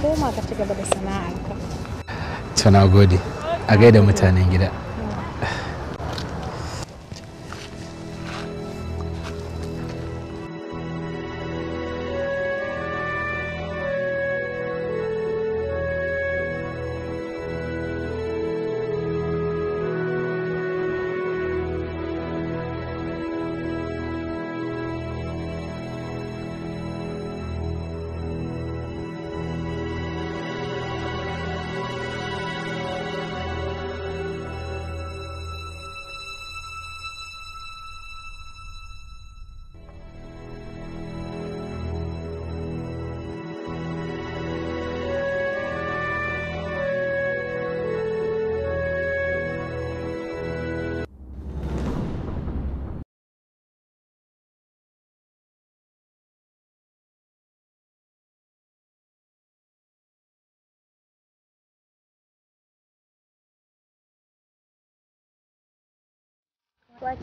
koma ka ci gaba da sana'arka. Tuna gode, a gaida mutanen gida.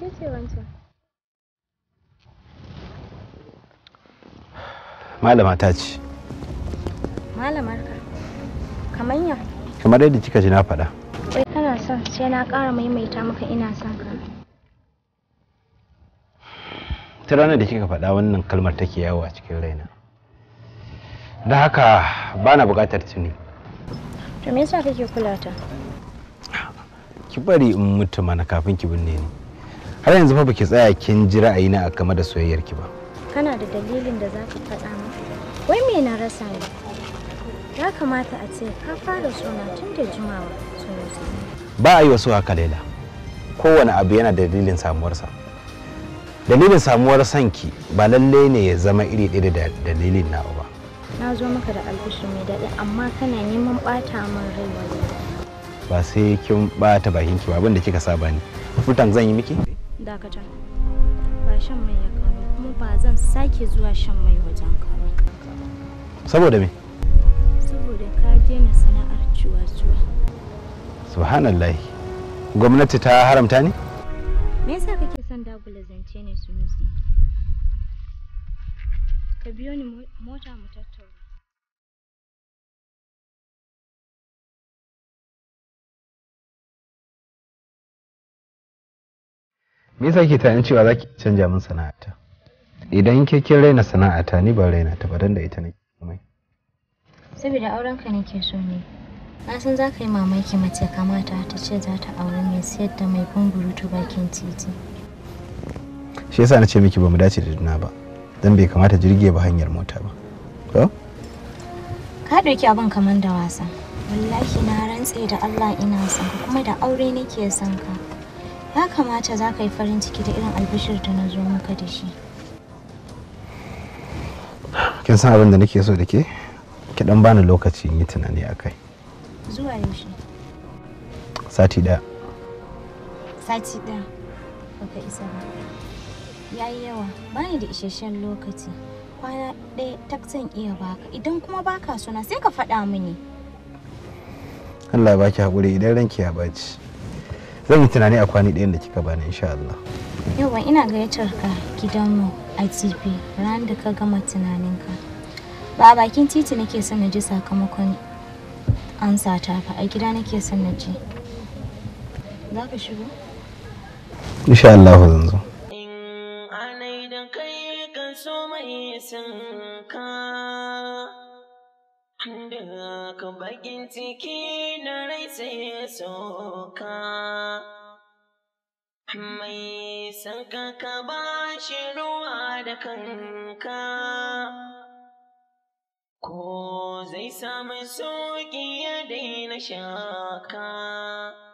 wace ce wancan malama ta ce malamar ka kamar ya kamar yadda kika ji na faɗa wai kana son sai na ƙara maimaita maka ina son ka ta ranar da kika faɗa wannan kalmar take yawo a cikin raina da haka ba na buƙatar tuni to me yasa kake kula ta ki bari in mutu mana kafin ki binne ni har yanzu fa baki tsaya kin ji ra'ayina a game da soyayyar ki ba kana da dalilin da zaka faɗa min wai me na rasa ne ya kamata a ce ka fara sona tun da jimawa ba a yi wasu haka laila kowane abu yana da dalilin samuwarsa dalilin samuwar sanki ba lalle ne ya zama iri ɗaya da dalilin nawa ba na zo maka da albishi mai daɗi amma kana neman ɓata min rai ba sai kin ɓata bakin ki ba abin da kika saba ne mutan zan yi miki dakata ba shan mai ya kano kuma ba zan sake zuwa shan mai wajen ka ba saboda me saboda ka daina sana'ar ciwa-ciwa subhanallahi gwamnati ta haramta ne me yasa kake son dagula zance ne sunusi ka biyo ni mota mu tattauna me yasa ke tunanin cewa zaki canja min sana'ata idan ke kin raina sana'ata ni ba raina ta ba dan da ita nake mai. saboda auren ka nake so ne na san za ka yi mamaki mace kamata ta ce za ta aure mai siyar da mai bunburutu bakin titi shi yasa na ce miki ba mu dace da duna ba dan bai kamata jirge ba hanyar mota ba ko ka ɗauki abin kamar da wasa wallahi na rantse da Allah ina son ka kuma da aure nake son ka ya kamata za ka yi farin ciki da irin albishir da na zo maka da shi kin san abin da nake so da ke ki dan bani lokaci in yi tunani a kai zuwa yaushe sati daya sati daya baka isa ba ya yi yawa bani da isasshen lokaci kwana ɗaya tak iya baka idan kuma baka suna sai ka faɗa mini Allah ya baki haƙuri idan ranki ya baci. zan yi tunani a kwani ɗayan da kika bani insha Allah yawa ina gayyatar ka gidanmu a TV ran da ka gama tunaninka ba a bakin titi nake son na ji sakamakon ansa ta ba a gida nake son na ji za ka shigo insha Allah zan zo in anai da kai kan so mai sun ka ka bakin ciki na rai sai soka. Mai sanka ka ba shi ruwa da kanka. Ko zai sami soki ya daina shaka.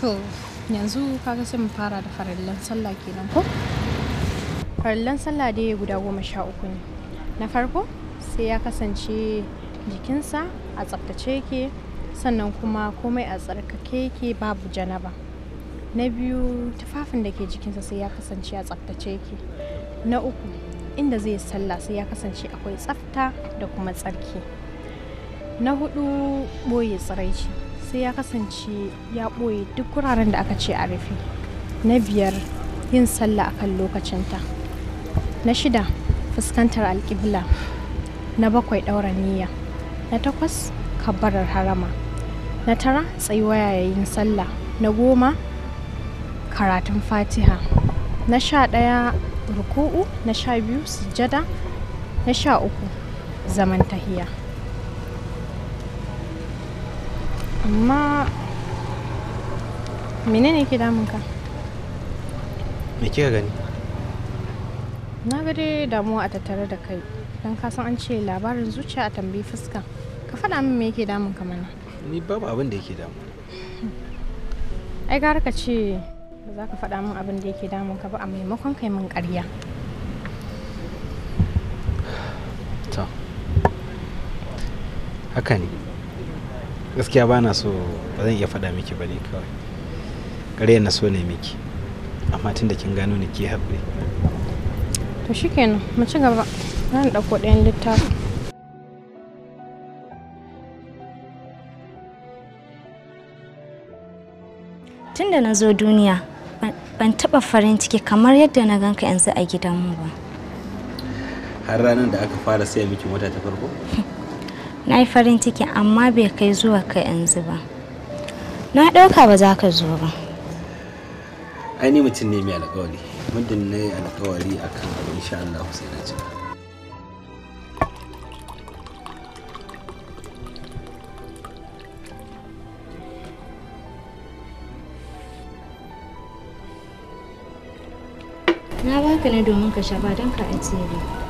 To yanzu kaga sai mu fara da farallan sallah kenan ko? Farallan sallah dai guda goma sha uku ne. Na farko sai ya kasance jikinsa a tsaftace yake sannan kuma komai a tsarkake yake babu janaba. Na biyu tufafin da ke jikinsa sai ya kasance a tsaftace yake. Na uku inda zai sallah sai ya kasance akwai tsafta da kuma tsarki. Na hudu boye tsiraici. sai ya kasance ya ɓoye duk wuraren da aka ce a rufe na biyar yin sallah a kan lokacinta na shida fuskantar alƙibla na bakwai ɗaura niyya na takwas kabbarar harama na tara tsayuwa yayin sallah na goma karatun fatiha na sha ɗaya ruku'u na sha biyu sujjada na sha uku zaman tahiya amma menene ke damunka me kika gani na ga dai damuwa a tattare da kai don kasan an ce labarin zuciya a tambayi fuska ka faɗa min me yake damun ka mana ni babu abin da yake damu ai gara ka ce ba za ka faɗa min abin da yake damun ka ba a maimakon kai min ƙarya haka ne gaskiya ba na so ba zan iya faɗa miki ba ne kawai kare na so ne miki amma tun da kin gano ni ke haƙuri to shikenan mu ci gaba zan ɗauko ɗayan littafi. tun da na zo duniya ban taɓa farin ciki kamar yadda na ganka yanzu a gidanmu ba har ranar da aka fara sai miki mota ta farko na yi farin ciki amma bai kai zuwa ka yanzu ba na ɗauka ba za ka zo ba ai mutum ne mai alkawari muddin na yi alkawari a kan abu insha Allah sai na ci na baka ne domin ka sha ba don ka ajiye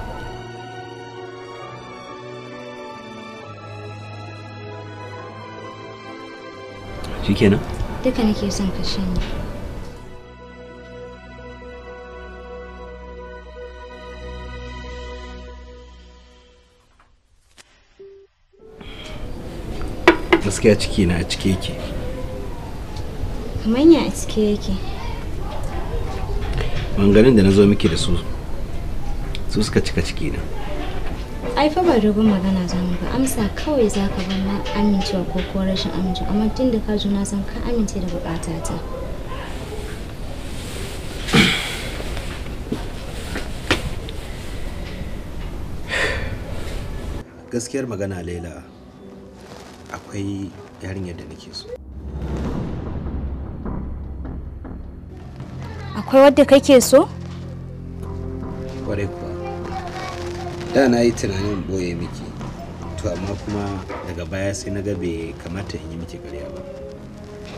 shikenan duka nake son ka shanye gaskiya ciki na a cike yake kamar ya a cike yake maganganun da na zo miki da su su suka cika ciki na ai fa ba rubun magana za mu ba amsa kawai za ka ban na amincewa ko ko rashin amincewa amma tun da ka zo na san ka amince da bukata ta gaskiyar magana laila akwai yarinyar da nake so akwai wadda kake so kwarai kuwa da na yi tunanin boye miki to amma kuma daga baya sai na ga bai kamata in yi miki karya ba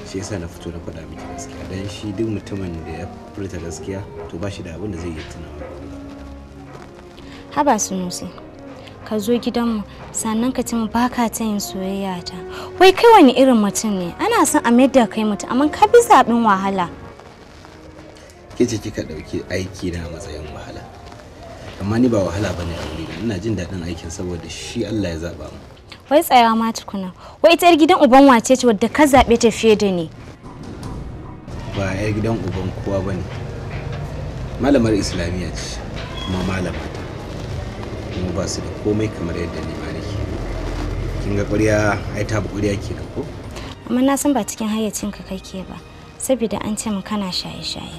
shi yasa na fito na faɗa miki gaskiya dan shi duk mutumin da ya furta gaskiya to ba shi da abin da zai yi tunawa haba su musi ka zo gidanmu sannan ka ci mu ka ta yin soyayya ta wai kai wani irin mutum ne ana son a mayar da kai mutum amma ka bi zaɓin wahala ke ce kika ɗauki aiki na matsayin wahala amma ni ba wahala bane a wurina ina jin daɗin aikin saboda shi Allah ya zaba mu wai tsayawa ma tukuna wai ita gidan uban wace ce wadda ka zaɓe ta fiye da ni ba yar gidan uban kowa bane malamar islamiyya ce kuma malama ta kuma ba su da komai kamar yadda ni ba nake kin ga ƙwarya ai ta ƙwarya ke ko amma na san ba cikin hayyacin hayyacinka kake ba saboda an ce mu kana shaye-shaye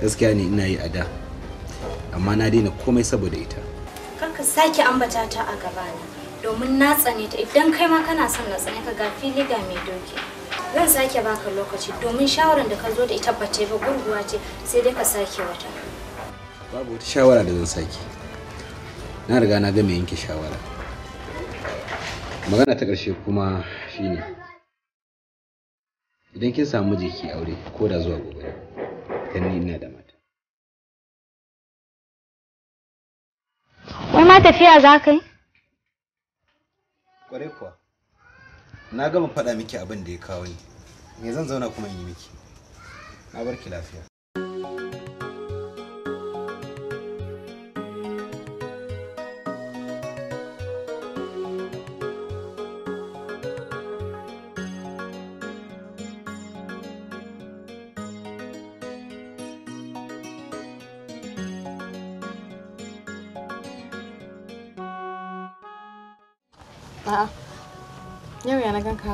gaskiya ne ina yi a da amma na daina komai saboda ita karka sake ambata ta a gabana domin na tsane ta idan kai ma kana son na tsane ka ga fili ga mai doki zan sake baka lokaci domin shawaran da ka zo da ita bace ba gurguwa ce sai dai ka sake wata babu wata shawara da zan sake na riga na ga mai yanke shawara magana ta karshe kuma shine idan kin samu jiki aure ko da zuwa gobe dan ni ina da Wai ma tafiya za ka yi? Kware kuwa. Na gama faɗa miki abin da ya kawo ni. Me zan zauna kuma in yi miki? Na barki lafiya.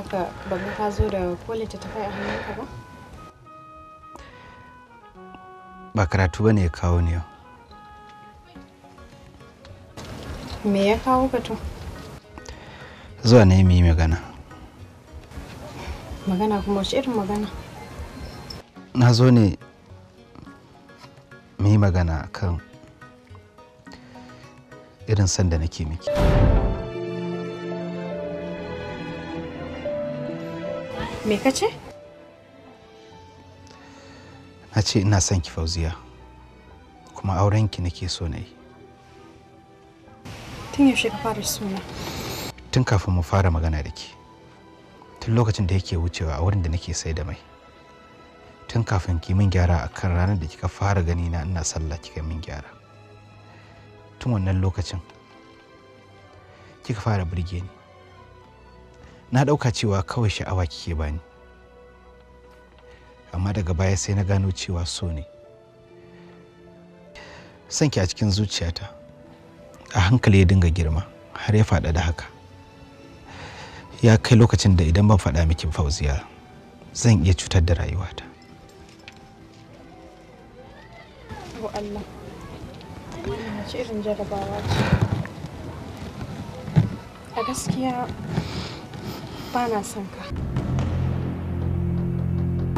haka ba ka zo da ta littattafai a hannunka ba? Ba karatu ba ne ya kawo ni yau. Me ya kawo ka to? Zuwa ne mu yi magana. Magana kuma shi irin magana? Na zo ne mu yi magana kan irin sanda nake miki. Me ka ce? Na ce ina son ki fauziya, kuma aurenki nake so na yi. Tun yaushe ka fara suna? Tun kafin mu fara magana da ke. Tun lokacin da yake wucewa a wurin da nake sai da mai. Tun kafin ki min gyara a kan ranar da kika fara gani na ina sallah kika min gyara. Tun wannan lokacin kika fara birge ni. na ɗauka cewa kawai sha'awa kike bani amma daga baya sai na gano cewa so ne Sanki a cikin zuciyata a hankali ya dinga girma har ya faɗa da haka ya kai lokacin da idan ban faɗa miki fauziya zan iya cutar da rayuwata Allah, wannan irin jarabawa ce. A gaskiya ba son ka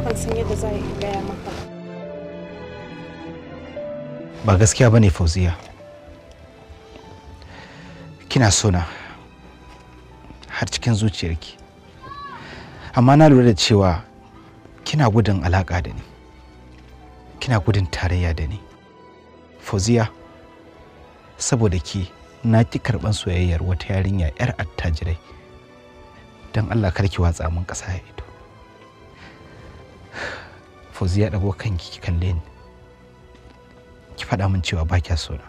ban san yadda za a gaya maka ba gaskiya bane ne fauziya kina sona har cikin zuciyarki amma na lura da cewa kina gudun alaƙa da ni kina gudun tarayya da ni fauziya saboda ki na ki karɓan soyayyar wata yarinya 'yar attajirai don Allah karki watsa mun ƙasa ya ido fuzi ya dago kanki ki kalle ni ki faɗa min cewa ba kya so na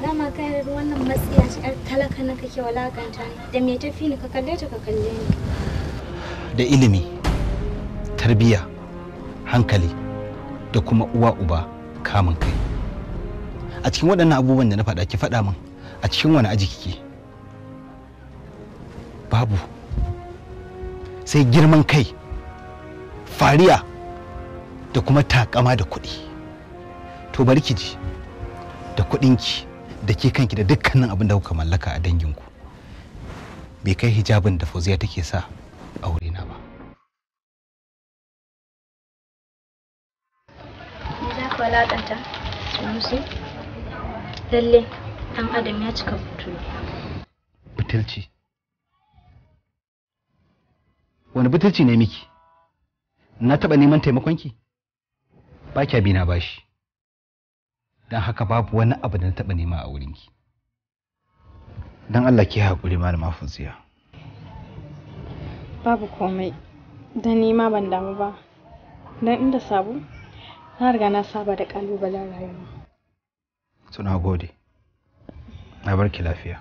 dama kai wannan matsiya ce talaka na kake walakanta da me tafi ni ka kalle ta ka kalle ni da ilimi tarbiyya hankali da kuma uwa uba kamun kai a cikin waɗannan abubuwan da na faɗa ki faɗa min a cikin wani aji kike babu sai girman kai fariya da kuma takama da kuɗi to bari ki ji da kuɗinki da ke kanki da dukkanin abin da kuka mallaka a danginku bai kai hijabin da fauziya take sa a wurina ba Lalle dan adam ya cika butuli butulci wani butulci ne miki na taba neman taimakonki ba kya bina bashi don haka babu wani abu da na taba nema a wurinki don allah ki hakuri malama funsiya babu komai don nema ban damu ba don inda sabo na riga na saba da ƙalubalen rayuwa suna gode na ki lafiya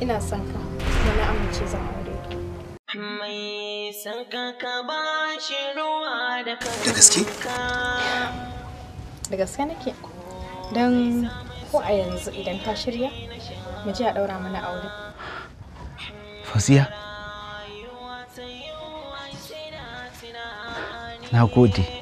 ina son ka kuma na amince zan aure mai son ka ka ba shi ruwa da kanka da gaske da gaske nake don ko a yanzu idan ta shirya mu je a daura mana aure fasiya na gode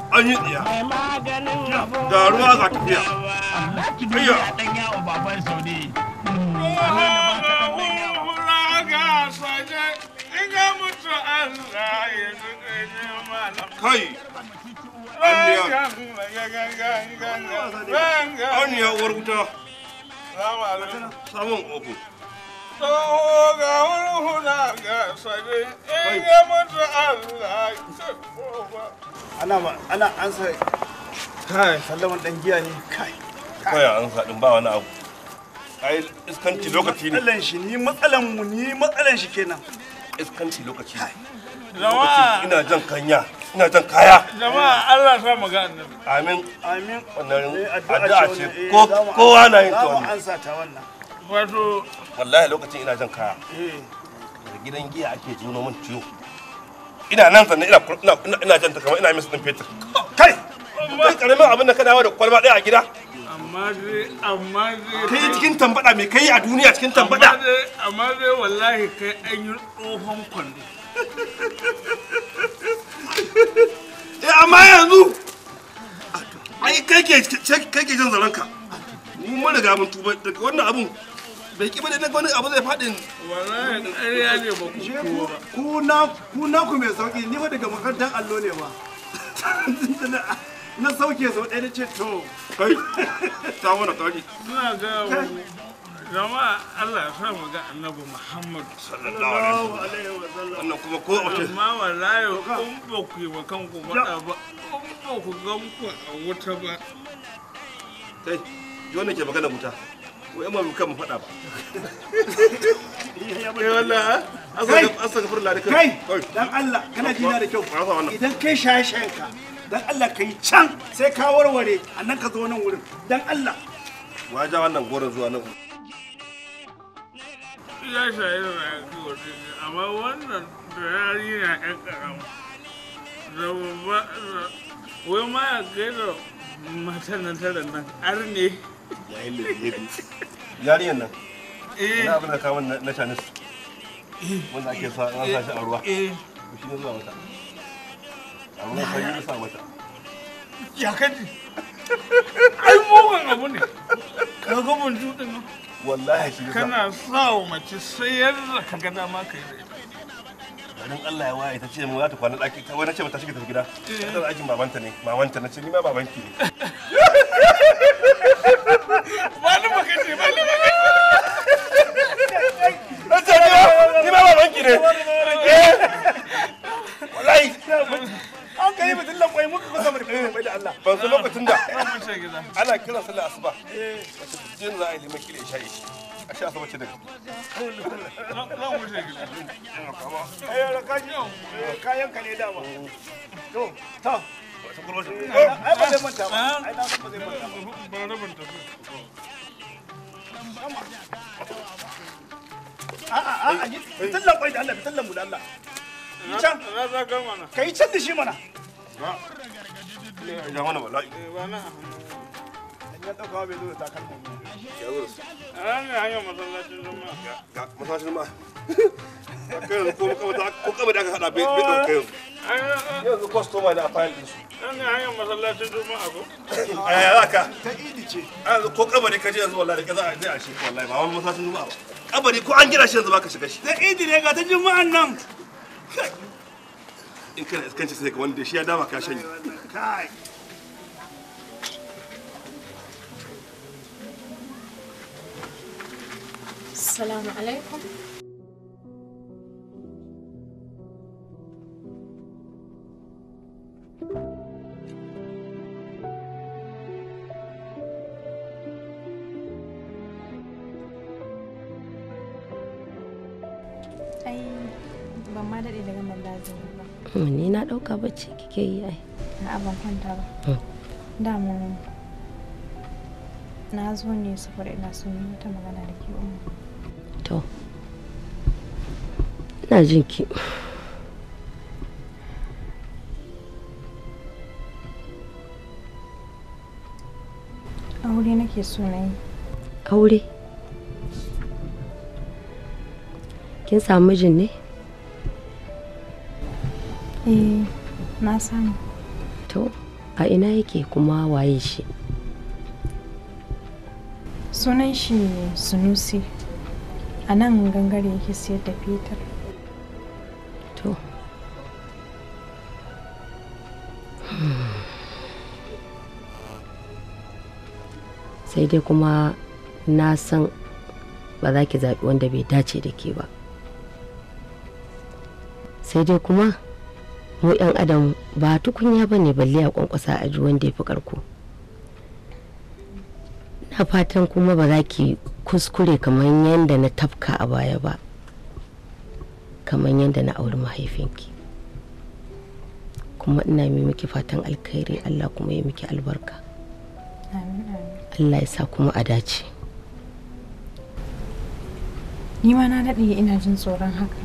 an yi tsiya da ruwa ga tafiya ayya kai anya, anya, uwar wuta samun ofin tsoho ga mutu Allah ya ba. Ana ansa kai sallaman dan giya ne kai. Kaya an sadin ba wani abu. Ai iskanci lokaci ne. shi ni matsalan mu ni matsalan shi kenan. Iskanci lokaci ne. Jama'a ina jan kanya ina jan kaya. Jama'a Allah mu ga annabi. Amin. Amin. Wannan eh, addu'a ce eh, ko kowa na yin ta wannan. ta wannan. wato wallahi lokacin ina jan kaya eh. daga gidan giya ake juno min ciwo ina nan sannan ina ina ina jan ta kamar ina miss din fetur kai kai karamin abin da ka dawo da kwalba ɗaya a gida amma dai amma dai kai cikin tambada me kai a duniya cikin tambada amma dai wallahi kai an yi tsohon kwando eh amma yanzu ai kai ke kai ke jan zaranka mun riga mun tuba daga wannan abun bai ki bane wani abu zai faɗin wallahi ne ba ku ku na ku na ku mai sauki ni fa daga makarantar allo ne ba na sauke sau ɗaya ce to kai ta wani ƙari ina ga jama'a Allah ya sa mu ga annabi Muhammad sallallahu alaihi wa sallam wannan kuma ko wace amma wallahi kun ba ku yi wa kanku faɗa ba kun ba ku ga ku a wuta ba kai ji wannan ke magana wuta wai ma ruka kama faɗa ba eh wallahi astagfirullah da kai dan Allah kana jina da kyau idan kai shashen ka dan Allah kai can sai ka warware a nan ka zo nan wurin dan Allah wa ja wannan goron zuwa nan ya shaye da amma wannan da yari na ƴan ƙarama da babba wai ma ya gaida matan nan tara nan arne. da yariyan nan eh. na abin da ka na shanis eh. wanda ake sa shi a ruwa eh. shi ne zuwa mata a ruwa sai yi sa mata ya kaji ai mugun abu ne ka ga mun nan wallahi shi kana sa wa mace sayar da ka ga ma ka yi da garin Allah ya waye ta ce mu za ta kwana ɗaki ta wani ce ta shiga tafi gida ta da babanta ne babanta na ce ni ma babanki ne malum ce malum ce ta ce ni ma babanki ne eh. wallahi an kai muka kusa da Allah ban su lokacin da ana kiran sallar asuba jin a yi liman kila a sha ka ne ta ai ba zai manta ba ai na san ba zai manta ba da Allah tallan mu da Allah yi can ka yi can da mana ya ya masallacin juma'a a masallacin ko da aka hada bai bai yau yanzu customer da file din su an ne hanyar masallacin juma'a ko eh haka ta idi ce yanzu ko kabari ka je yanzu wallahi ka za a je shi wallahi ba wani masallacin juma'a ba kabari ko an gina shi yanzu baka shiga shi ta idi ne ga ta juma'an nan in kana iskanci sai ka wanda shi ya dama ka shanye Assalamu alaikum. ban hmm, na ɗauka bacci kike yi ai. ban kwanta ba. Hmm. na zo ne saboda ina son wata magana da ke umma. to ina jin ki aure nake so na yi aure kin samu mijin ne eh na samu to a ina yake kuma waye shi sunan shi sunusi a nan gangare yake da fetur to sai dai kuma na san ba za ki zaɓi wanda bai dace da ke ba sai dai kuma mu 'yan adam ba tukunya ba ne balle a kwankwasa a ji wanda ya fi ƙarko na fatan kuma ba za ki kuskure kamar yadda na tafka a baya ba kamar yadda na auri mahaifinki kuma ina mai miki fatan alkhairi allah kuma ya miki albarka allah ya sa kuma a dace ni ma na daɗe ina jin tsoron haka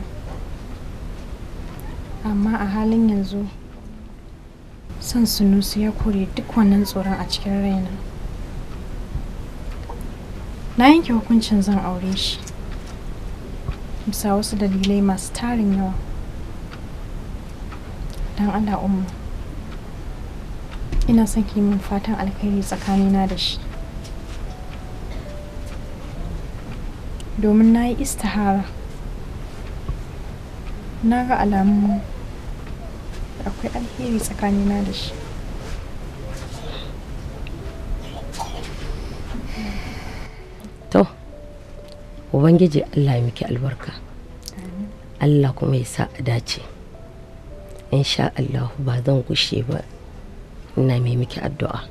amma a halin yanzu son sunusu ya kore duk wannan tsoron a cikin raina. na yanke hukuncin zan aure shi bisa wasu dalilai masu tarin yawa don allah umu ina son ki min fatan alkhairi tsakanina da shi domin na yi istihara na ga alamun akwai alheri tsakanina da shi ubangiji allah ya miki albarka allah kuma ya sa a dace insha allah ba zan gushe ba ina mai miki addu'a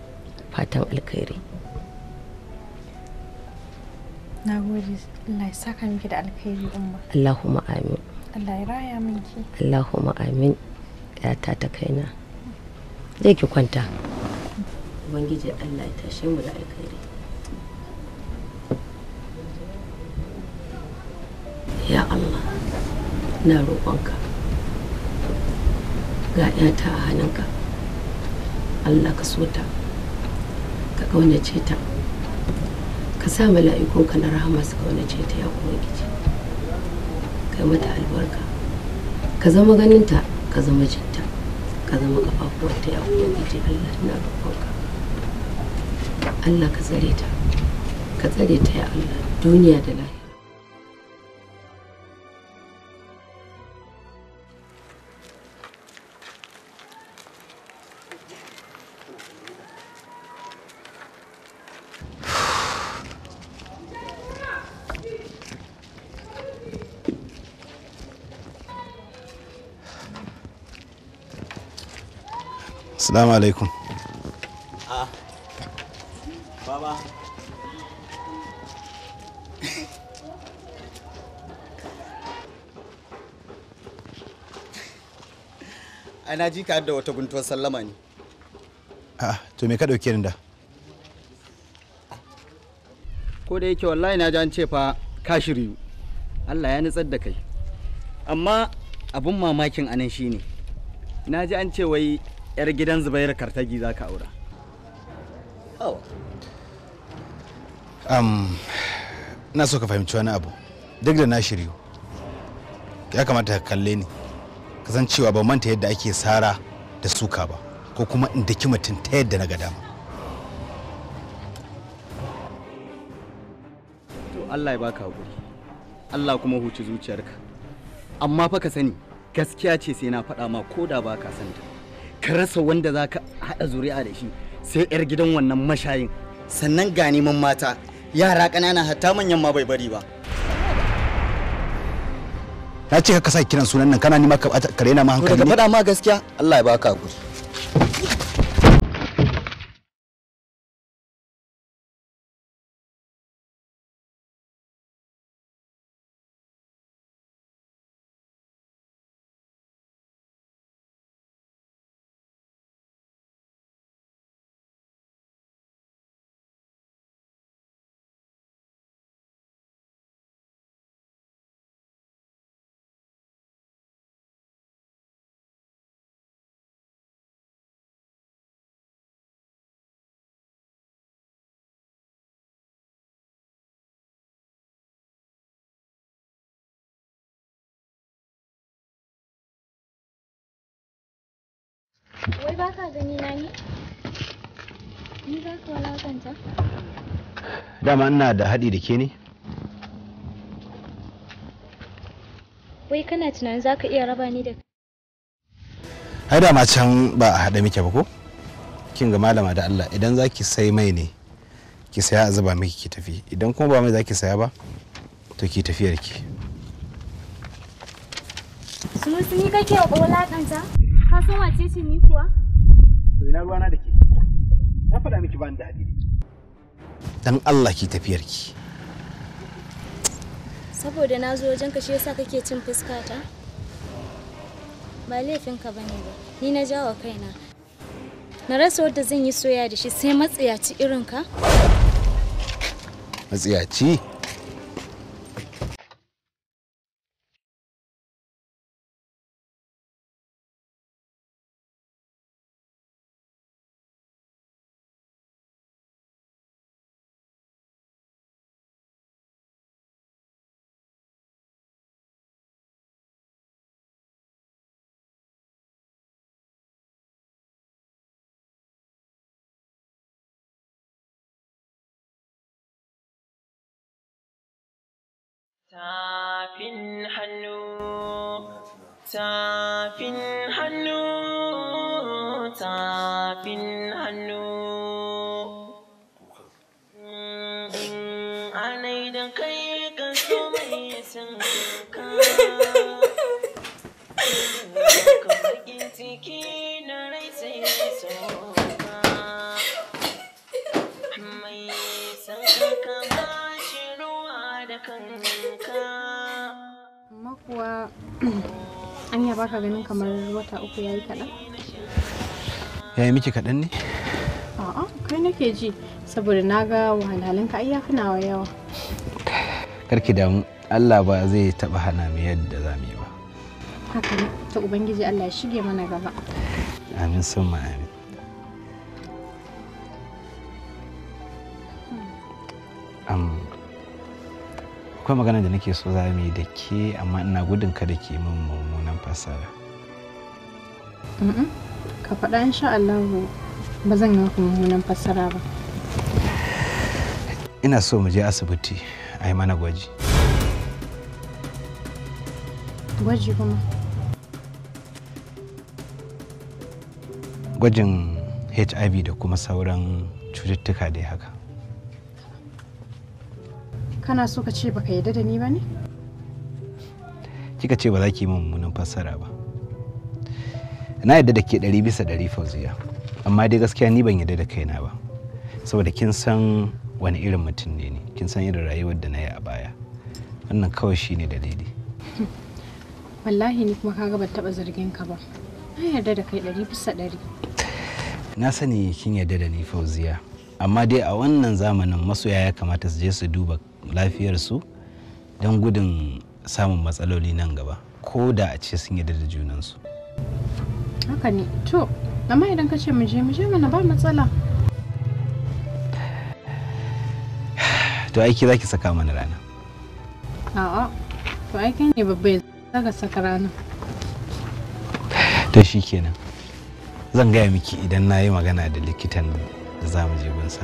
fatan alkhairi na gode allah ya saka miki da alkhairi umma allahumma amin allah ya raya miki allahumma amin yata ta kaina zai ki kwanta ubangiji allah ya tashe mu da alkhairi ya Allah na roƙonka ga ‘yata a hannunka Allah ka so ta ka ƙaunace ta ka sa mala'ikunka na rahama su ƙaunace ta ya ka yi mata albarka ka zama ganinta ka zama jinta ka zama ƙafafuwarta ya gici Allah na roƙonka Allah ka tsare ta ka tsare ta ya Allah duniya da lafiya Assalamu alaikum. Ah. Baba. Ai na ji ka da wata guntuwar sallama ne. a'a ah, to me ka dauke ni da? Ko da yake wallahi na ji an ce fa ka shiryu. Allah ya nutsar da kai. Amma abun mamakin anan shine. Na ji an ce wai 'yar gidan zubairu kartagi za ka aura oh. na so ka fahimci wani abu duk da na shiryu ya kamata ka kalle ni kasancewa ba manta yadda ake sara da suka ba ko kuma in daki mutum ta yadda na ga dama to Allah ya baka hakuri Allah kuma huci zuciyarka amma fa ka sani gaskiya ce sai na faɗa ma ko da ba ka santa ka rasa wanda za ka haɗa zuri'a da shi sai 'yar gidan wannan mashayin sannan ga neman mata yara ƙanana hatta manyan ma bai bari ba na ce ka sa kiran sunan nan kana nima ka rena ma hankali ne faɗa ma gaskiya Allah ya baka hakuri Wai ba ka gani na ni. Ni za ka wala walakanta? Dama ina da haɗi da ke ne? Wai kana tunanin za ka iya raba ni da Ai dama can ba a haɗa muke ba ko? Kin ga malama da Allah idan za ki sai mai ne ki saya a zuba miki ki tafi idan kuma ba mai za ki saya ba to ki tafi da ki. Sunusi ni kake wa wulakanta? Ka san wace ce ni kuwa? To ina ruwana da ke. Na faɗa miki ba da Dan Allah ki tafiyar ki. Saboda na zo wajenka shi yasa kake cin fuskata? Ba laifinka ba ne ba, ni na jawa kaina. Na rasa wadda zan yi soya da shi sai matsiyaci irinka? Matsiyaci? تافن حنو تافن kuwa anya baka ganin kamar wata uku yayi kaɗan yayi miki kaɗan ne a'a kai nake ji saboda na ga wahalhalun ka ayyafi nawa yawa karki damu Allah ba zai taɓa hana mu yadda za mu yi ba haka ta ubangiji Allah ya shige mana gaba amin sun amin akwai magana da nake so za mu yi da ke amma ina gudun ka da ke min mummunan fasara ka faɗa sha Allah ba zan yi mummunan fasara ba ina so mu je asibiti a yi mana gwaji gwaji kuma gwajin hiv da kuma sauran cututtuka dai haka kana so ka ce baka yarda da ni ba ne kika ce ba za ki yi mummunan fassara ba na yarda da ke ɗari bisa ɗari fauziya amma dai gaskiya ni ban yarda da kaina ba saboda kin san wani irin mutum ne ni kin san irin rayuwar da na yi a baya wannan kawai shi ne dalili wallahi ni kuma kaga ban taɓa zargin ka ba na yarda da kai ɗari bisa ɗari na sani kin yarda da ni fauziya amma dai a wannan zamanin masoya ya kamata su je su duba lafiyarsu don gudun samun matsaloli nan gaba ko da a ce sun yi da junansu haka ne to amma idan ka ce mu je mu je mana ba matsala to aiki za ki saka mana rana a'a to aiki ne babba ya ka saka rana to shi kenan zan gaya miki idan na yi magana da likitan da za mu je gunsa.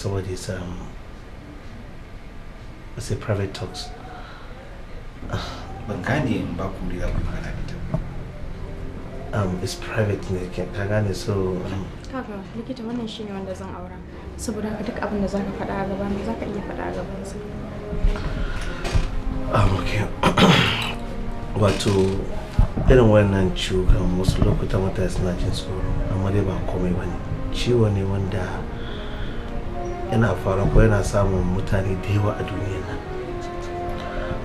some of these um say private talks ban gane ba ku riga ku magana da ta um it's private ne ka gane so um, kaga likita wannan shine wanda zan aura saboda ka duk abin da zaka faɗa a gaban zaka iya faɗa a gaban sa um okay wato irin wannan ciwo kan wasu lokutan mutane suna jin tsoro amma dai ba komai bane ciwo ne wanda yana fara ko yana samun mutane da yawa a duniya nan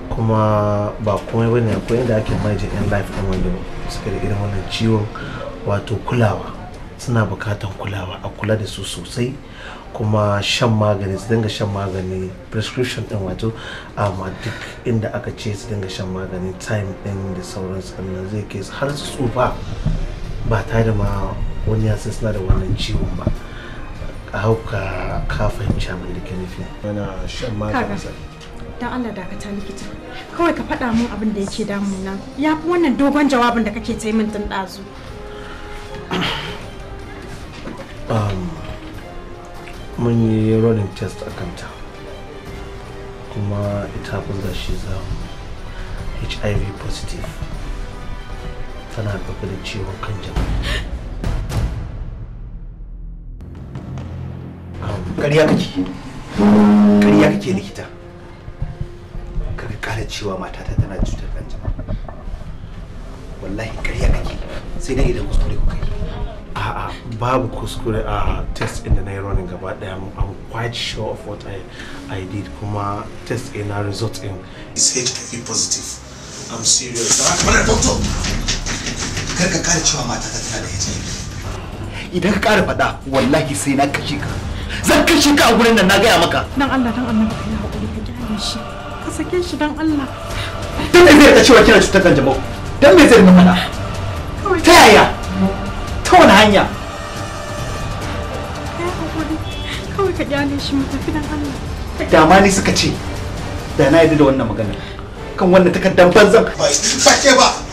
kuma ba komai bane akwai yadda ake majin yan life ɗin wanda suka da irin wannan ciwon wato kulawa suna bukatan kulawa a kula da su sosai kuma shan magani su dinga shan magani prescription din wato amma um, duk inda aka ce su dinga shan magani time ɗin da sauransu sannan zai kai har su tsufa ba tare da ma wani ya suna da wannan ciwon ba hau ka ka fahimci abin da ke nufi yana shan maganin dan Allah dakata likita kawai ka faɗa mun abin da yake damuna ya fi wannan dogon jawabin da kake ta yi min ɗazu um, mun yi running test a kanta kuma ita kun da shi za hiv positive tana gaba da ciwon kan jama'a kariya kake kariya kake likita kaga kare cewa cewa matata tana cutar kanjama wallahi kariya kake sai dai idan kuskure kuka yi a'a babu kuskure a test din da na yi running gaba daya I'm quite sure of what I, I did kuma test din na result ɗin is HIV positive I'm serious da haka mana doctor kar ka ƙara cewa matata tana da HIV idan ka ƙara faɗa wallahi sai na kashe ka zan kashe ka a gurin nan na gaya maka dan Allah dan Allah ka yi hakuri ka gyara shi ka sake shi dan Allah dan me zai ta cewa kina cutar jama'u dan me zai nuna ta yaya ta wani hanya kawai ka gyara shi mu tafi dan Allah da ma ni suka ce da na yi da wannan magana kan wannan takardar banzan ba ke ba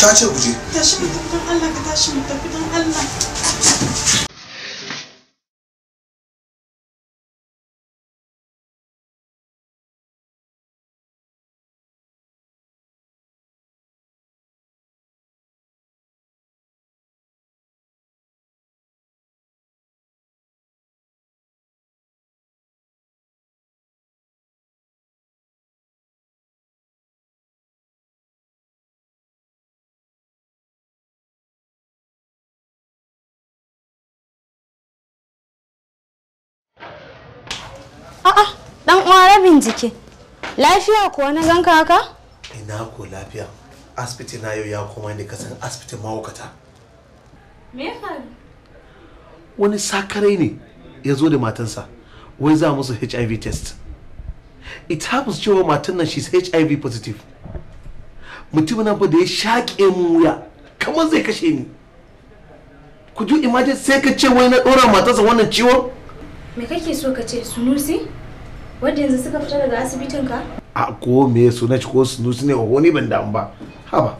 ta ce ku je tashi mu don Allah ka tashi mu tafi don Allah A'a, dan uwa rabin jiki. Lafiya kuwa na ganka haka? Ina ko lafiya. Asibiti na yau ya koma ne kasan asibitin mahaukata. Me ya Wani sakarai ne ya zo da matansa. Wai za musu HIV test. It happens cewa matan nan she's HIV positive. Mutumin nan fa da ya shaƙe mu wuya kamar zai kashe ni. Could you imagine sai ka ce wai na ɗora matansa wannan ciwon? me kake so ka ce sunusi wadda yanzu suka fita daga asibitin ka a ko me suna ci ko sunusi ne ko ni ban damu ba haba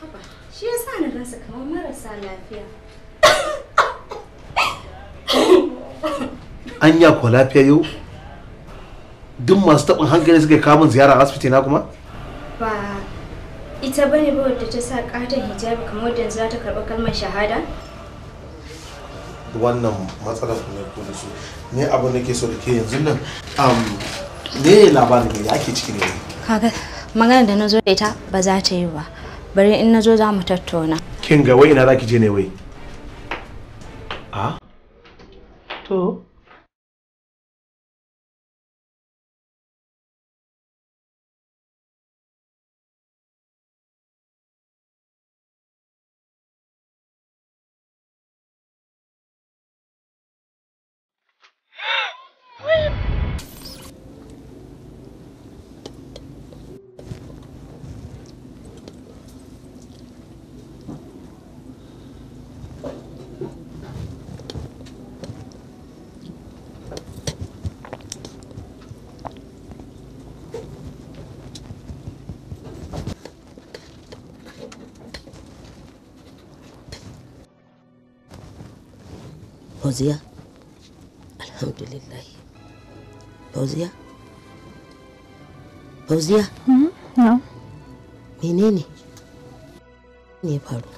haba shi sa na gansa kamar marasa lafiya an ya ko lafiya yau duk masu taɓin hankali suka kawo min ziyara asibiti na kuma ba ita bane ba wadda ta sa katon hijabi kamar wadda yanzu za ta karɓi kalmar shahada wannan matsalar da ku da su ne abu ke so da ke yanzu nan ne labarin ne ake ciki ne kaga magana da nazo da ita ba za ta yi ba bari in nazo za mu tattauna kin ga wai ina zaki je ne wai a to fauziya alhamdulillah fauziya fauziya hmm? menene ne ya faru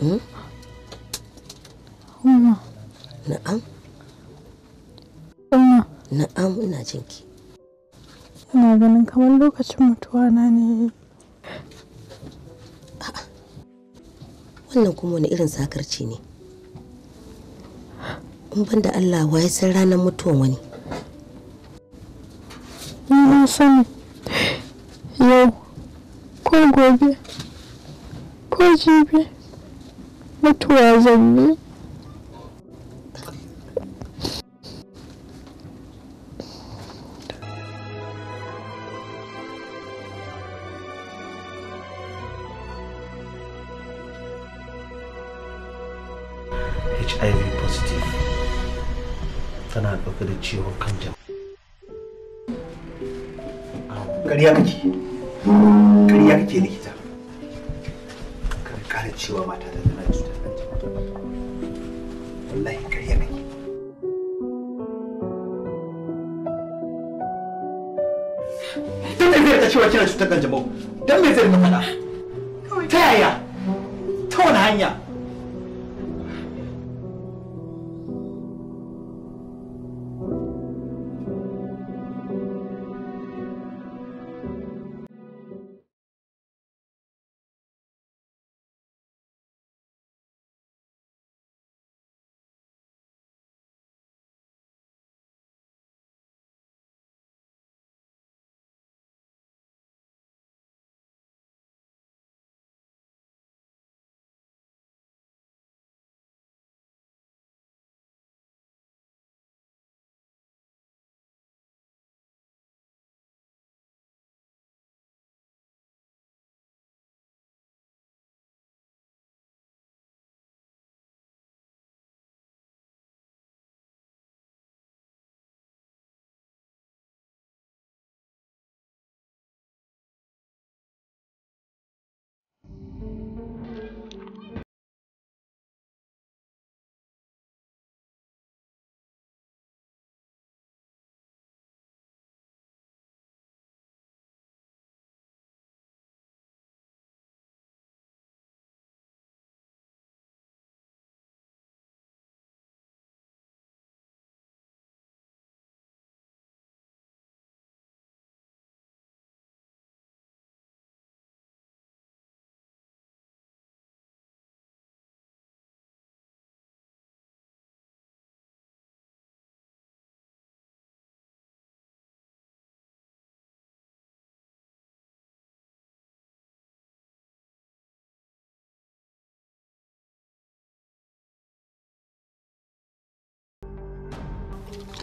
hmm? na'am na'am ina jinki ina ganin kamar lokacin mutuwa na ne wannan kuma wani irin sakarci ne in ban da Allah waye san ranar mutuwan wani na san yau ko gobe ko jibi mutuwa zan yi ƙarya kake ƙarya kake likita kada ƙara cewa mata ta tana cutar kanci wallahi ƙarya kake dan da ta cewa kina cutar kanjamau dan me zai nuna mana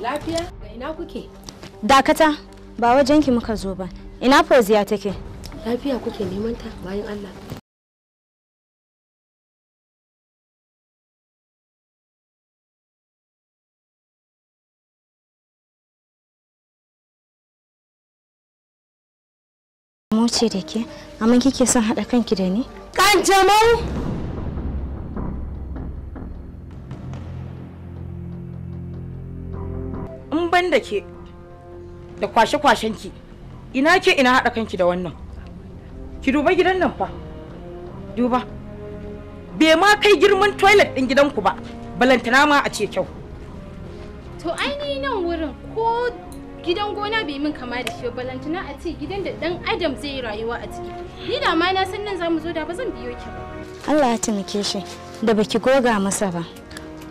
Lafiya? Ina kuke? Dakata, ba wajen ki muka zo ba. Ina Fauziya take? Lafiya kuke neman ta bayan Allah. Mu ce da ke, amma kike son haɗa kanki da ni? Kan jamau! in ban da ke da kwashe-kwashen ki ina ke ina haɗa kanki da wannan ki duba gidan nan fa duba bai ma kai girman toilet ɗin gidanku ba balantana ma a ce kyau to ainihin nan wurin ko gidan gona bai min kama da shi ba balantana a ce gidan da dan adam zai yi rayuwa a ciki ni da ma na san nan zamu zo da ba zan biyo ki ba Allah ya taimake shi da baki goga masa ba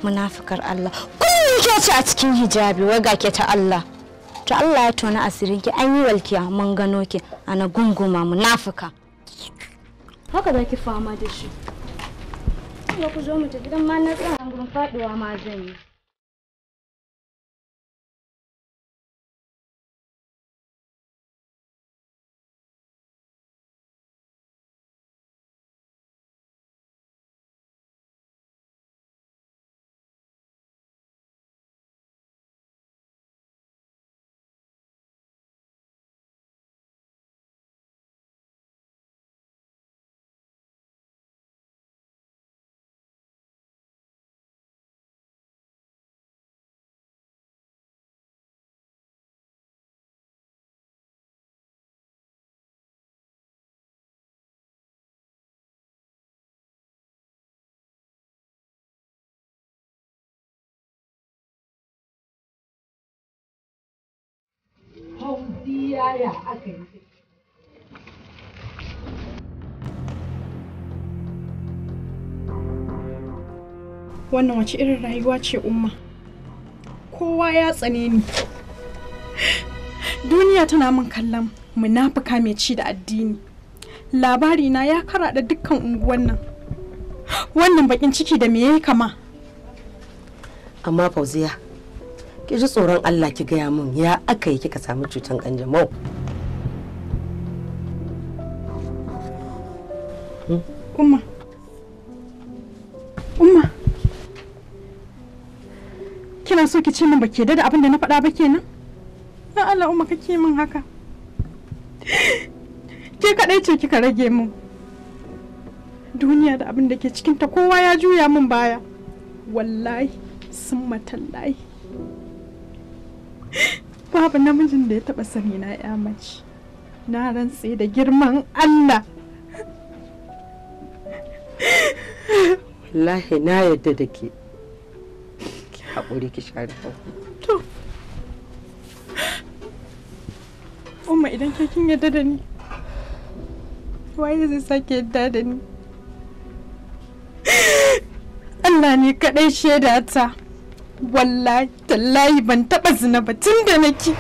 munafikar Allah kullum ke ce a cikin hijabi wai ga ke ta Allah to Allah ya tona asirin ki an yi walkiya mun gano ki ana gunguma munafika haka za ki fama da shi ku zo mu tafi dan ma na tsaya gurin faduwa ma zan yi wannan wace irin rayuwa ce umma kowa ya tsane ni duniya tana min kallon munafuka mai ci da addini Labari na ya karaɗa dukkan unguwan nan wannan bakin ciki da me ya kama amma fauziya ki ji tsoron Allah ki gaya mun ya aka yi kika samu cutan kanjamau umma umma kina so ki ce min baki da abin da na faɗa ba kenan Ya Allah umma kake min haka ke kaɗai ce kika rage mun. duniya da abin da ke cikinta kowa ya juya min baya wallahi sun matallahi babu namijin da ya taba sani na ya mace na rantse da girman Allah wallahi na yadda da ke ki haƙuri ki share to umma idan ke kin yadda da ni waye zai sake yadda da ni Allah ne kaɗai shaidata. ta. wallahi tallahi ban taba zina ba tun da nake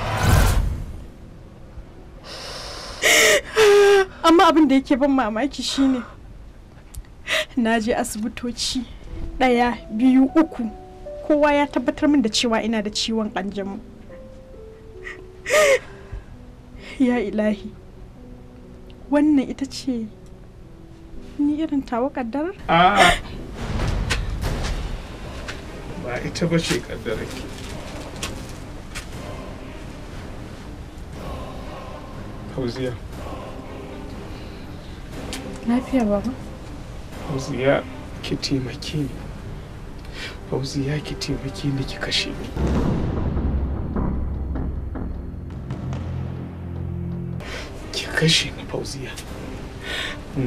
amma abin da yake ban mamaki shine na je asibitoci ɗaya biyu uku kowa ya tabbatar min da cewa ina da ciwon kanjamu ya ilahi wannan ita ce ni irin tawa kaddarar? ba ita ba ce kaddararki hauziya lafiya ba ba hauziya ki taimake ni hauziya ki taimake ni ki kashe ni ki kashe ni hauziya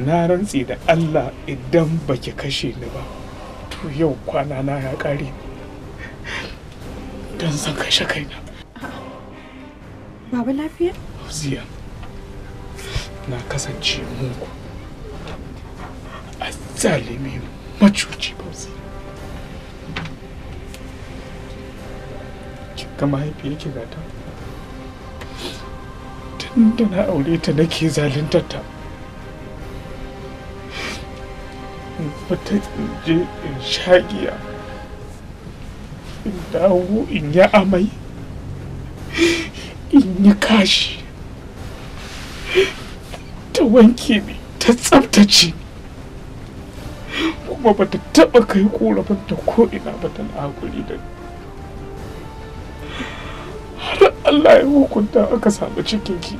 na rantsi da allah idan baki kashe ni ba to yau kwana na ya ƙare ni don kai kashe kaina. Baba lafiya? Ziya, na kasance muku A zalimi macuci bauzi. Kika yake gata? Tun da na aure ta nake zaluntar ta. Ba ta je in giya. in dawo in yi amai in yi kashi ta wanke ni ta tsabtace kuma ba ta taɓa kai korafin ta ko'ina ba ta hakuri da har Allah ya hukunta aka samu cikinki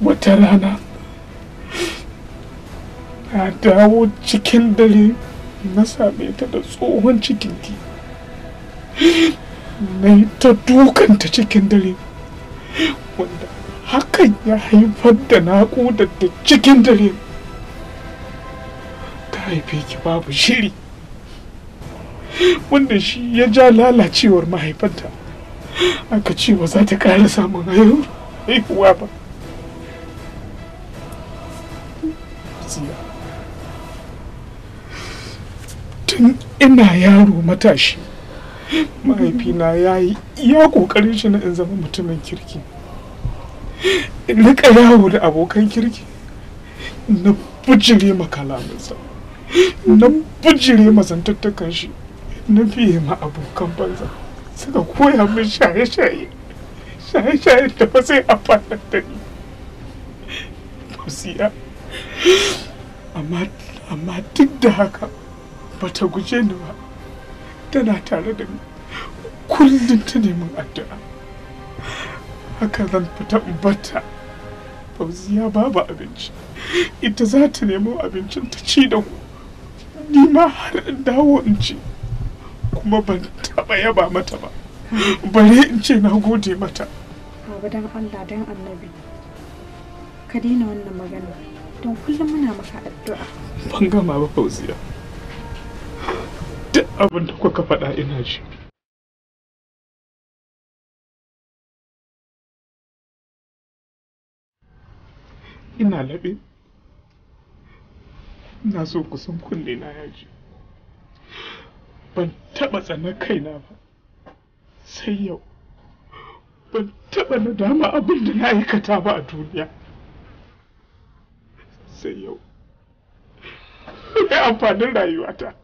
wata rana na dawo cikin dare na same ta da tsohon cikinki na yi ta dukanta cikin dare wanda hakan ya haifar da naƙudar da cikin dare ta haife ki babu shiri wanda shi ya ja lalacewar mahaifanta aka ce ba za ta ƙara samun haihuwa ba ina yaro matashi mahaifina ya yi iya ƙoƙarin shi na in zama mutumin kirki in rika yawo da abokan kirki na bujire makalaminsa na bujire mazantattakan shi na fiye ma abokan banza suka koya min shaye-shaye shaye-shaye da ba sai fadar da ni amma duk da haka Bata guje ni ba tana tare da ni kullum ta neman addu'a haka zan fita in bata fauziya babu abinci ita za ta nemo abincin ta ci da ku ni ma har in dawo in ci kuma ban taɓa yaba mata ba bare in ce na gode mata babu don Allah don annabi ka daina wannan magana don kullum muna maka addu'a ban gama ba fauziya duk abin da kuka faɗa ina ji ina laɓe ina so ku san kunne na ya ji ban taɓa tsanar kaina ba sai yau ban taɓa nadama abin da na aikata ba a duniya sai yau amfanin rayuwata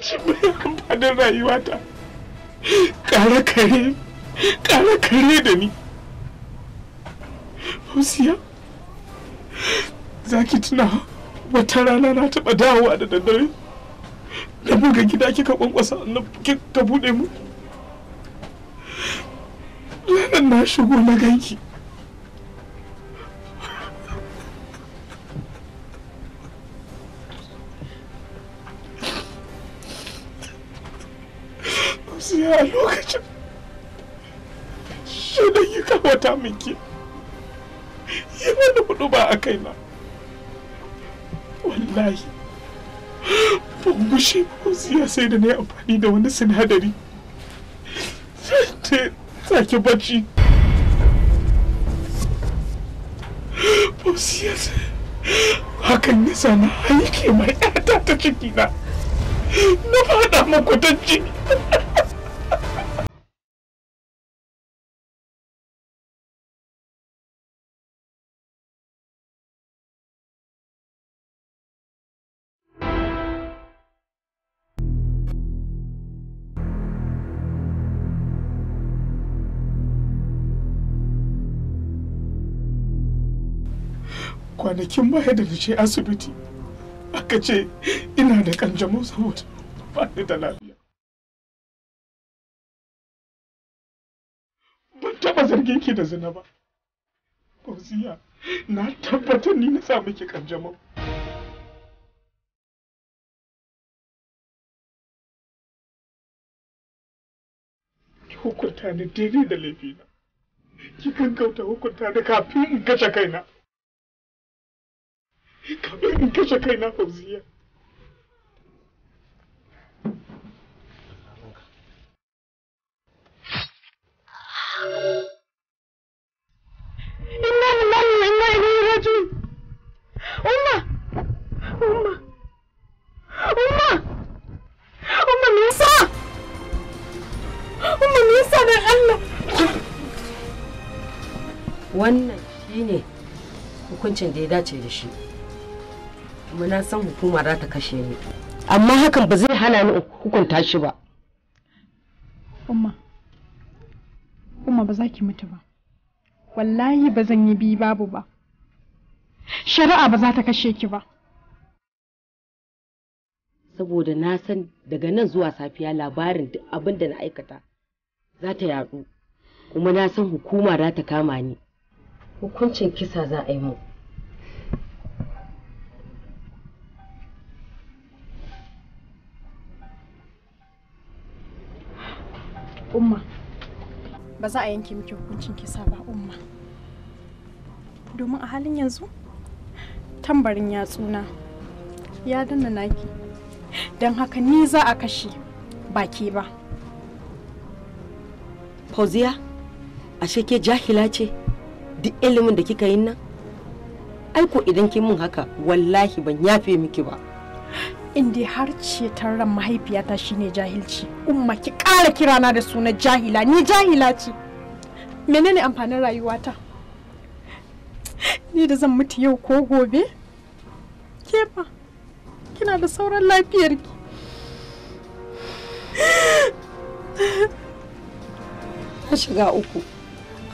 ci mai amfanin rayuwata ƙara kare ƙara kare da ni hausiya za ki tuna wata rana na taɓa dawowa da daddare na buga gida kika ƙwanƙwasa? na kika buɗe mu ranar na shigo na ganki siya lokacin shi da yi kawata minke yi wani hudu ba a kai na wallahi ban ba ko siya sai da na yi amfani da wani sinadari zai barci bacci ba siya hakan ya na haike mai 'yata ta cikina na fada makwatacci kwanakin baya da fice asibiti aka ce ina da kanjamau saboda ba ni da lafiya ban taba zargin ki da zina ba fauziya na tabbatar ni na sa miki kanjamo. hukunta ni daidai da laifina ki kankauta hukunta ni kafin in kashe kaina in kashe kai inna lillahi wa inna ilaihi raji'un umma umma umma umma me umma me yasa Allah wannan hukuncin da ya dace da shi kuma na san hukuma za ta kashe ni amma hakan ba zai hana ni hukunta shi ba umma umma ba za ki mutu ba wallahi ba zan yi bi babu ba shari'a ba za ta kashe ki ba saboda na san daga nan zuwa safiya labarin duk abin da na aikata za ta yaɗu kuma na san hukuma za ta kama ni hukuncin kisa za a yi mu umma ba za a yanke miki hukuncin kisa ba umma domin a halin yanzu tambarin yatsuna ya danna naki don haka ni za a kashe baki ba fauziya ashe ke jahila ce duk ilimin da kika yi nan aiko idan kin mun haka wallahi ban yafe miki ba inda har cetar ran mahaifiyata shine jahilci umma ki ƙara kirana da suna jahila ni jahila ce menene amfanin rayuwata ni da zan mutu yau ko gobe ke kina da sauran lafiyarki ta shiga uku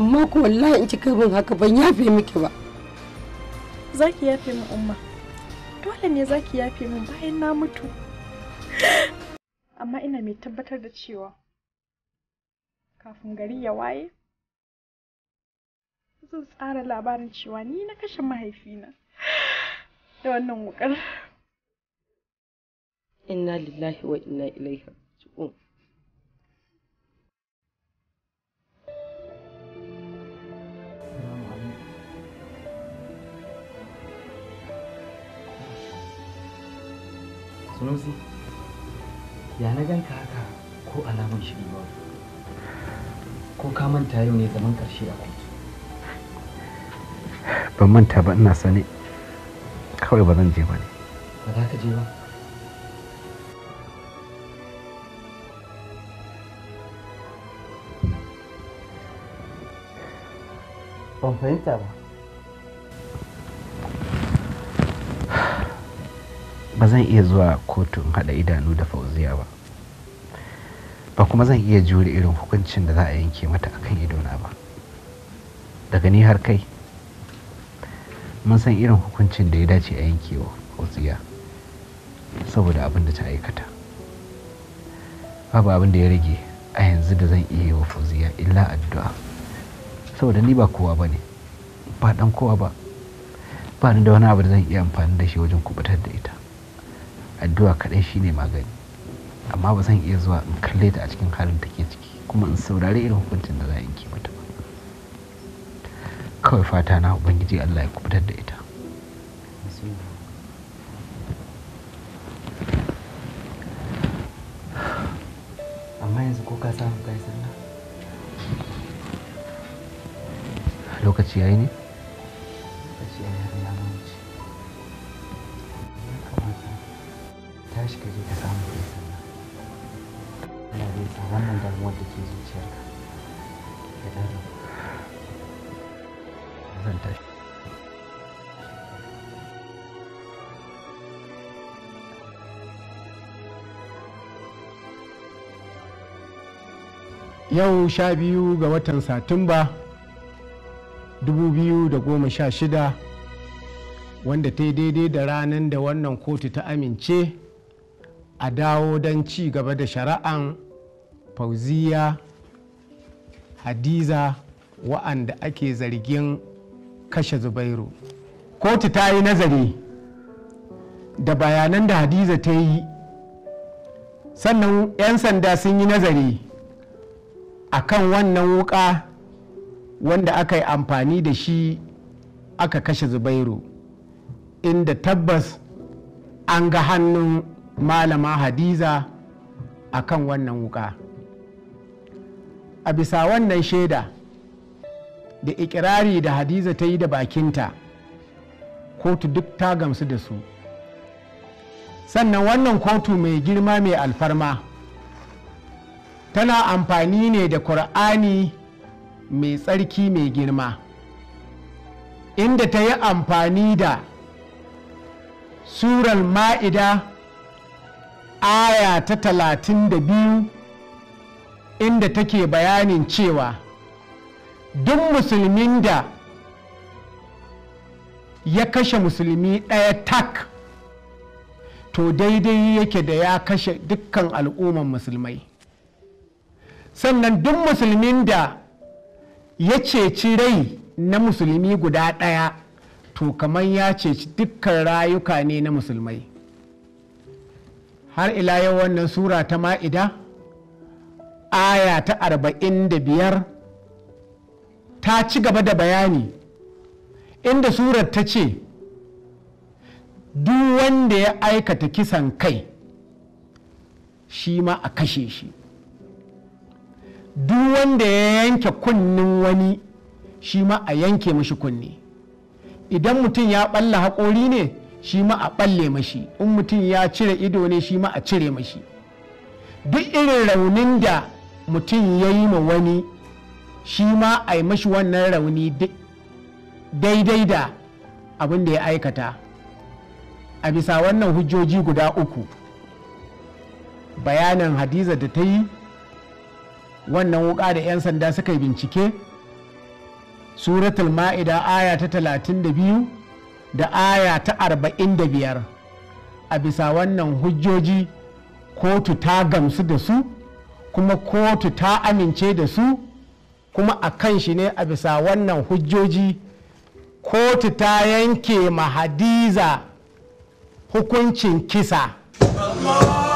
amma ko wallahi in kika bin haka ban yafe miki ba zaki yafe min umma dole ne za ki yafe min bayan na mutu amma ina mai tabbatar da cewa kafin gari ya waye zan tsara labarin cewa ni na kashe mahaifina da wannan wukar inna lillahi wa inna ilaihi sunusi ya na ganka haka ko alamun shi ba ko ka manta yau ne zaman karshe a kotu ban manta ba ina sane kawai ba zan je ba ne ba za ka je ba ban fahimta ba ba zan iya zuwa kotun hada idanu da fauziya ba ba kuma zan iya jure irin hukuncin da za a yanke mata a kan idona ba daga ni har kai mun san irin hukuncin da ya dace a yankewa fauziya saboda abin da ta aikata babu abin da ya rage a yanzu da zan iya wa fauziya illa addu'a saboda ni ba kowa ba ne ba dan kowa ba ba ni da wani abu da zan iya amfani da shi wajen kubutar da ita addu'a kaɗai shine magani amma ba zan iya zuwa in kalle ta a cikin halin take ciki kuma in saurari irin hukuncin da za a yanke mata ba kawai fata na ubangiji allah ya kubutar da ita amma yanzu ko ka samu kai sannan lokaci yayi ne yau sha biyu ga watan satumba 2016 wanda ta yi daidai da ranar da wannan kotu ta amince a dawo don ci gaba da shari'an fauziya hadiza wa'anda ake zargin kashe zubairu kotu ta yi nazari da bayanan da hadiza ta yi sannan 'yan sanda sun yi nazari a kan wannan wuka wanda aka yi amfani da shi aka kashe zubairu inda tabbas an ga hannun malama hadiza a kan wannan wuka a bisa wannan shaida da ikirari da hadiza ta yi da bakinta kotu duk ta gamsu da su sannan wannan kotu mai girma mai alfarma tana amfani ne da ƙur'ani mai tsarki mai girma inda ta yi amfani da surar ma'ida aya ta talatin da biyu inda take bayanin cewa duk musulmin da ya kashe musulmi ɗaya tak to daidai yake da ya kashe dukkan al'umman musulmai sannan duk musulmin da ya ceci rai na musulmi guda ɗaya to kamar ya ceci dukkan rayuka ne na musulmai har ila yau wannan sura ta ma'ida aya ta arba'in da biyar ta ci gaba da bayani inda surar ta ce duk wanda ya aikata kisan kai shi ma a kashe shi duk wanda ya yanke kunnin wani shi ma a yanke mashi kunni idan mutum ya balla haƙori ne shi ma a ɓalle mashi in mutum ya cire ido ne shi ma a cire mashi duk irin raunin da mutum ya yi ma wani shi ma a yi mashi wannan rauni daidai da abin da ya aikata a bisa wannan hujjoji guda uku bayanin hadiza da ta yi wannan wuka da 'yan sanda suka yi bincike suratul ma'ida aya ta 32 da aya ta 45 a bisa wannan hujjoji kotu ta gamsu da su kuma kotu ta amince da su kuma a kan shi ne a bisa wannan hujjoji kotu ta yanke mahadiza hukuncin kisa Allah!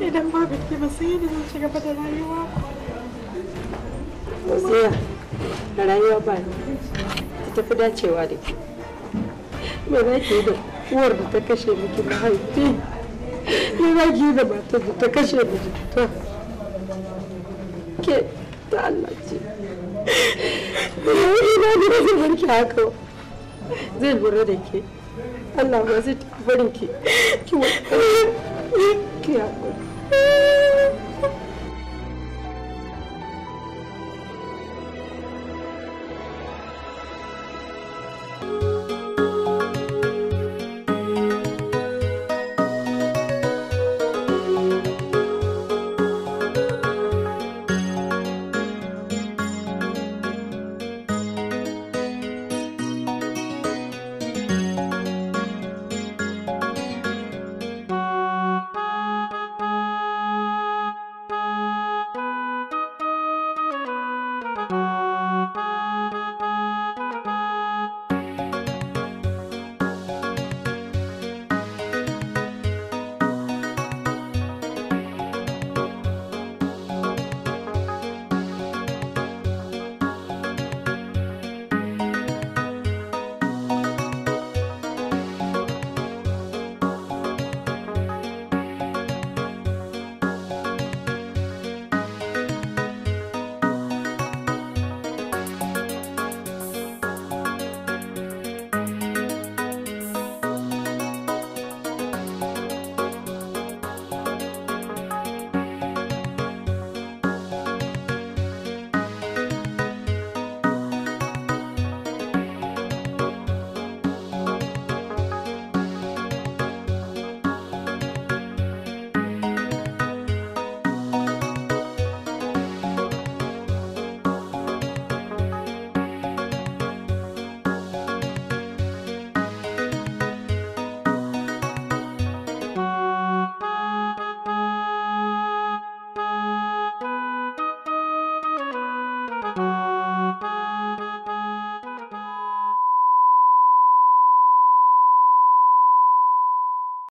idan ba biki ba sai da zan shiga da rayuwa Hosea da rayuwa ba ne ta tafi dacewa da ke me za ki yi da uwar da ta kashe miki mahaifi me za ki yi da matar da ta kashe miki ta ke ta Allah ce ina ne ba zai barki haka zai lura da ke Allah ba zai barin ki ki wata Thank you.